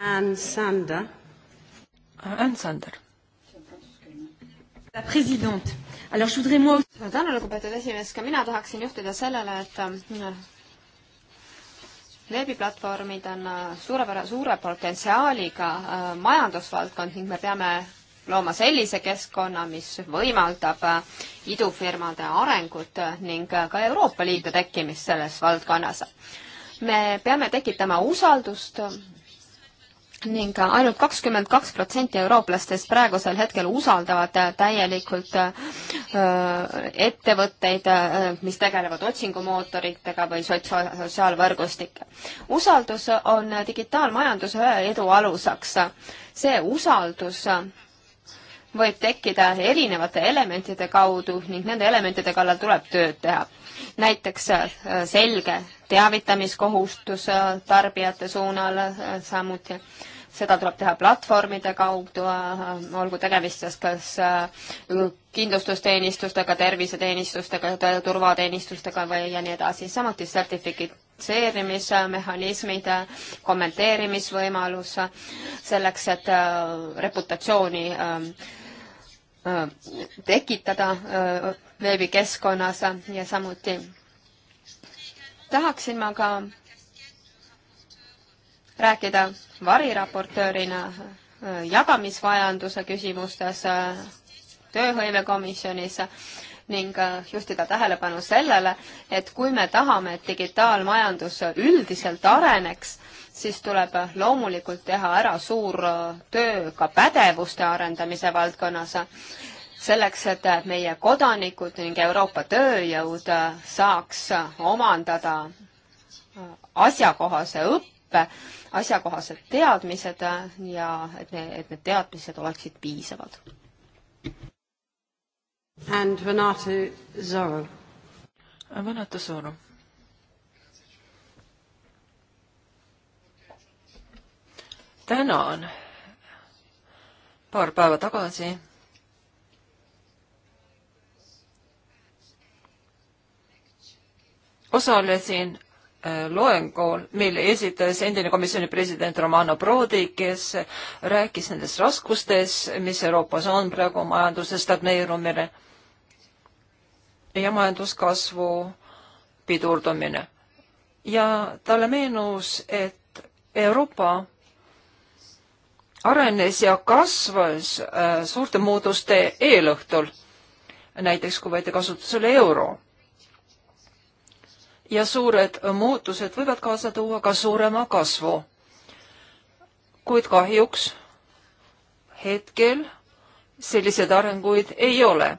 Ann Sander. Ann Sander suur tänu, lugupeetud esimees, ka mina tahaksin juhtida sellele, et äh, veebiplatvormid on äh, suurepärase, suure potentsiaaliga äh, majandusvaldkond ning me peame looma sellise keskkonna, mis võimaldab idufirmade arengut ning ka Euroopa Liidu tekkimist selles valdkonnas. me peame tekitama usaldust ning ainult kakskümmend kaks protsenti eurooplastest praegusel hetkel usaldavad täielikult äh, ettevõtteid, äh, mis tegelevad otsingumootoritega või sotsiaalvõrgustikke. usaldus on digitaalmajanduse edu aluseks. see usaldus võib tekkida erinevate elementide kaudu ning nende elementide kallal tuleb tööd teha. näiteks äh, selge teavitamiskohustus tarbijate suunal samuti seda tuleb teha platvormide kaudu, äh, olgu tegemist siis kas äh, kindlustusteenistustega, terviseteenistustega, turvateenistustega või ja nii edasi, samuti sertifitseerimismehhanismid, kommenteerimisvõimalus selleks, et äh, reputatsiooni tekitada veebikeskkonnas ja samuti tahaksin ma ka rääkida variraportöörina äh, jagamisvajanduse küsimustes äh, tööhõivekomisjonis ning äh, juhtida tähelepanu sellele, et kui me tahame, et digitaalmajandus üldiselt areneks, siis tuleb loomulikult teha ära suur töö ka pädevuste arendamise valdkonnas, selleks et meie kodanikud ning Euroopa tööjõud saaks omandada asjakohase õppe, käib, asjakohased teadmised ja et need, et need teadmised oleksid piisavad. And Renato Zorro. Renato Zorro. tänan. paar päeva tagasi osalesin loengul, mille esitas endine komisjoni president Romano Prodi, kes rääkis nendest raskustes, mis Euroopas on praegu majanduse stagneerumine ja majanduskasvu pidurdumine. ja talle meenus, et Euroopa arenes ja kasvas äh, suurte muutuste eelõhtul, näiteks kui võeti kasutusele euro ja suured muutused võivad kaasa tuua ka suurema kasvu. kuid kahjuks hetkel selliseid arenguid ei ole.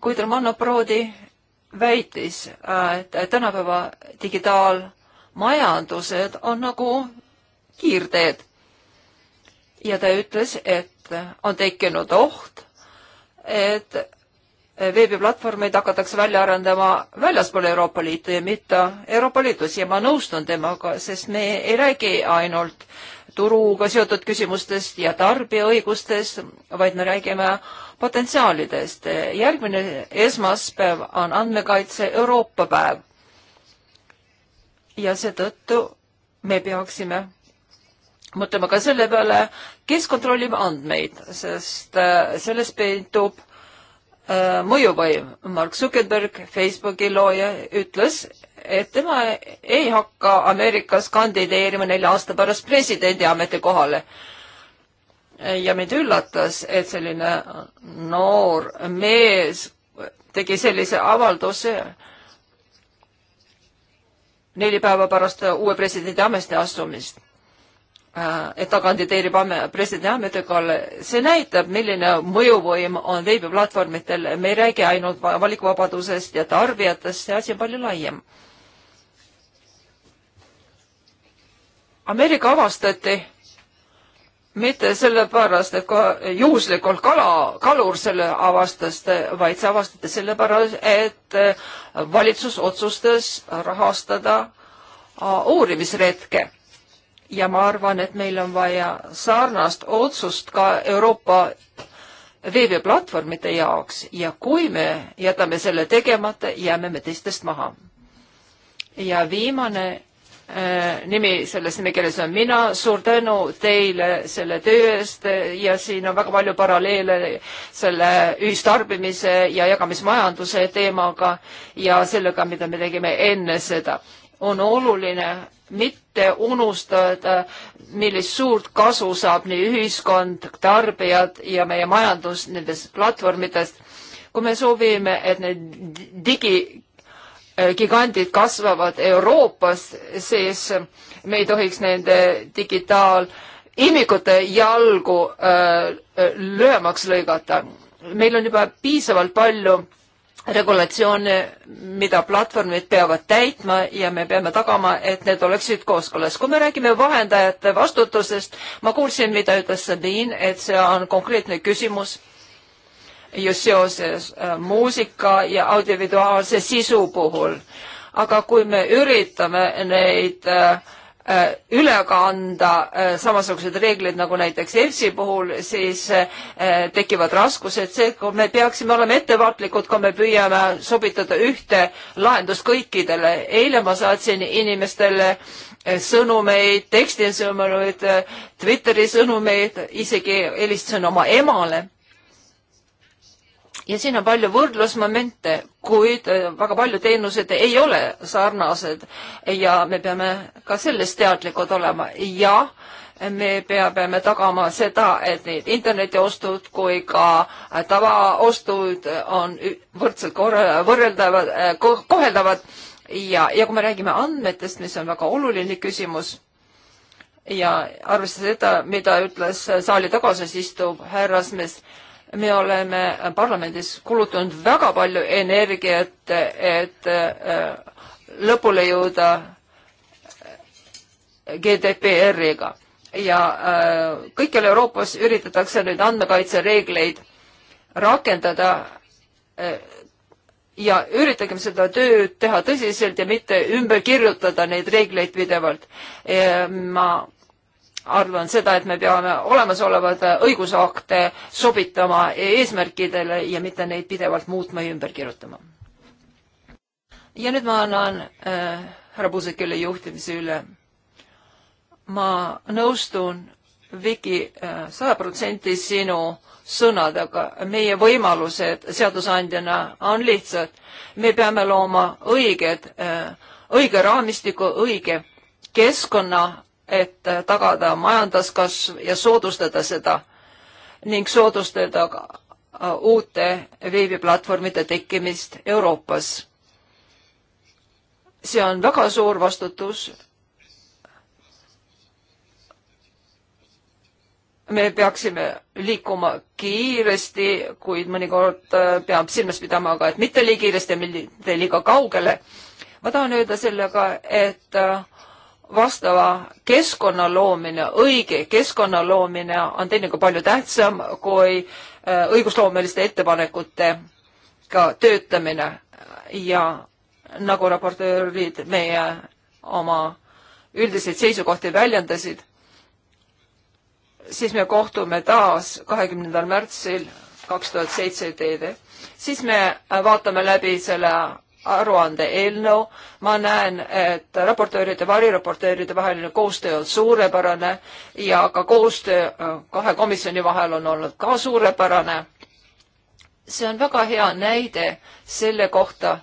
kuid Romano Prodi väitis, et tänapäeva digitaalmajandused on nagu kiirteed. ja ta ütles, et on tekkinud oht, et Äh, veebiplatvormeid hakatakse välja arendama väljaspool Euroopa Liitu ja mitte Euroopa Liidus ja ma nõustun temaga, sest me ei räägi ainult turuga seotud küsimustest ja tarbijaõigustest, vaid me räägime potentsiaalidest. järgmine esmaspäev on andmekaitse Euroopa päev. ja seetõttu me peaksime mõtlema ka selle peale, kes kontrollib andmeid, sest äh, selles peitub äh, Äh, mõjuvaim Mark Zuckerberg, Facebooki looja, ütles, et tema ei hakka Ameerikas kandideerima nelja aasta pärast presidendi ametikohale. ja mind üllatas, et selline noor mees tegi sellise avalduse neli päeva pärast uue presidendi ametisse astumist Äh, et ta kandideerib presidendi ametikale, see näitab, milline mõjuvõim on veebiplatvormidel, me ei räägi ainult valikuvabadusest ja tarbijatest, see asi on palju laiem. Ameerika avastati mitte sellepärast, et ka juhuslikult kala, kalur selle avastas, vaid see avastati sellepärast, et valitsus otsustas rahastada äh, uurimisretke ja ma arvan, et meil on vaja sarnast otsust ka Euroopa veebiplatvormide jaoks ja kui me jätame selle tegemata, jääme me teistest maha. ja viimane äh, nimi selles nimekirjas on mina, suur tänu teile selle töö eest ja siin on väga palju paralleele selle ühistarbimise ja jagamismajanduse teemaga ja sellega, mida me tegime enne seda. on oluline mitte unustada, millist suurt kasu saab nii ühiskond, tarbijad ja meie majandus nendest platvormidest. kui me soovime, et need digigigandid äh, kasvavad Euroopas, siis me ei tohiks nende digitaalilmikute jalgu öö, äh, äh, löömaks lõigata. meil on juba piisavalt palju regulatsioone, mida platvormid peavad täitma ja me peame tagama, et need oleksid kooskõlas. kui me räägime vahendajate vastutusest, ma kuulsin, mida ütles Sabine, et see on konkreetne küsimus just seoses äh, muusika ja audiovisuaalse sisu puhul. aga kui me üritame neid äh, Äh, üle aga anda äh, samasugused reeglid nagu näiteks EFSi puhul, siis äh, tekivad raskused, seega me peaksime olema ettevaatlikud, kui me püüame sobitada ühte lahendust kõikidele. eile ma saatsin inimestele sõnumeid, tekstisõnumeid, Twitteri sõnumeid, isegi helistasin oma emale ja siin on palju võrdlusmomente, kuid äh, väga paljud teenused ei ole sarnased ja me peame ka sellest teadlikud olema ja me peame tagama seda, et need internetiostud kui ka äh, tavaostud on võrdselt korra-, võrreldavad, äh, koheldavad ja, ja kui me räägime andmetest, mis on väga oluline küsimus ja arvestades seda, mida ütles saali tagasis istuv härrasmees, me oleme parlamendis kulutanud väga palju energiat, et äh, lõpule jõuda GDPR-iga ja äh, kõikjal Euroopas üritatakse nüüd andmekaitsereegleid rakendada äh, ja üritagem seda tööd teha tõsiselt ja mitte ümber kirjutada neid reegleid pidevalt. ma arvan seda, et me peame olemasolevad äh, õigusakte sobitama e-, eesmärkidele ja mitte neid pidevalt muutma ja ümber kirjutama. ja nüüd ma annan äh, härra Puusekile juhtimise üle. ma nõustun, Viki, äh, sada protsenti sinu sõnadega. meie võimalused seadusandjana on lihtsad. me peame looma õiged äh,, õige raamistiku, õige keskkonna et tagada majanduskasv ja soodustada seda ning soodustada äh, uute veebiplatvormide tekkimist Euroopas. see on väga suur vastutus. me peaksime liikuma kiiresti, kuid mõnikord äh, peab silmas pidama ka, et mitte liiga kiiresti ja mitte liiga kaugele. ma tahan öelda sellega, et äh, vastava keskkonna loomine, õige keskkonna loomine on teinekord palju tähtsam kui äh, õigusloomeliste ettepanekutega töötamine ja nagu raportöörid meie oma üldiseid seisukohti väljendasid, siis me kohtume taas kahekümnendal märtsil kaks tuhat seitse teede, siis me vaatame läbi selle aruande eelnõu. ma näen, et raportööride, variraportööride vaheline koostöö on suurepärane ja ka koostöö äh, kahe komisjoni vahel on olnud ka suurepärane. see on väga hea näide selle kohta,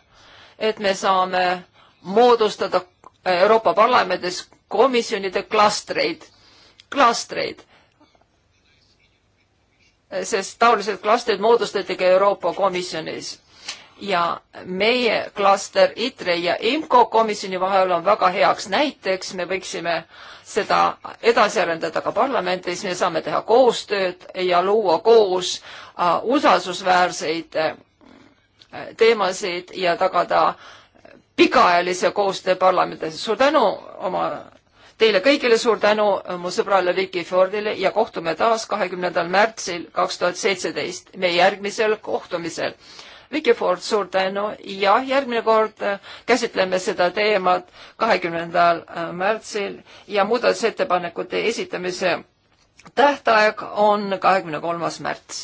et me saame moodustada Euroopa Parlamendis komisjonide klastreid, klastreid, sest taolised klastrid moodustati ka Euroopa Komisjonis ja meie klaster ITRE ja IMCO komisjoni vahel on väga heaks näiteks, me võiksime seda edasi arendada ka parlamendis, me saame teha koostööd ja luua koos uh, usaldusväärseid uh, teemasid ja tagada pikaajalise koostöö parlamendis. suur tänu oma, teile kõigile suur tänu mu sõbrale Vicky Fordile ja kohtume taas kahekümnendal märtsil kaks tuhat seitseteist meie järgmisel kohtumisel Vicky Ford, suur tänu ja järgmine kord äh, käsitleme seda teemat kahekümnendal äh, märtsil ja muudatusettepanekute esitamise tähtaeg on kahekümne kolmas märts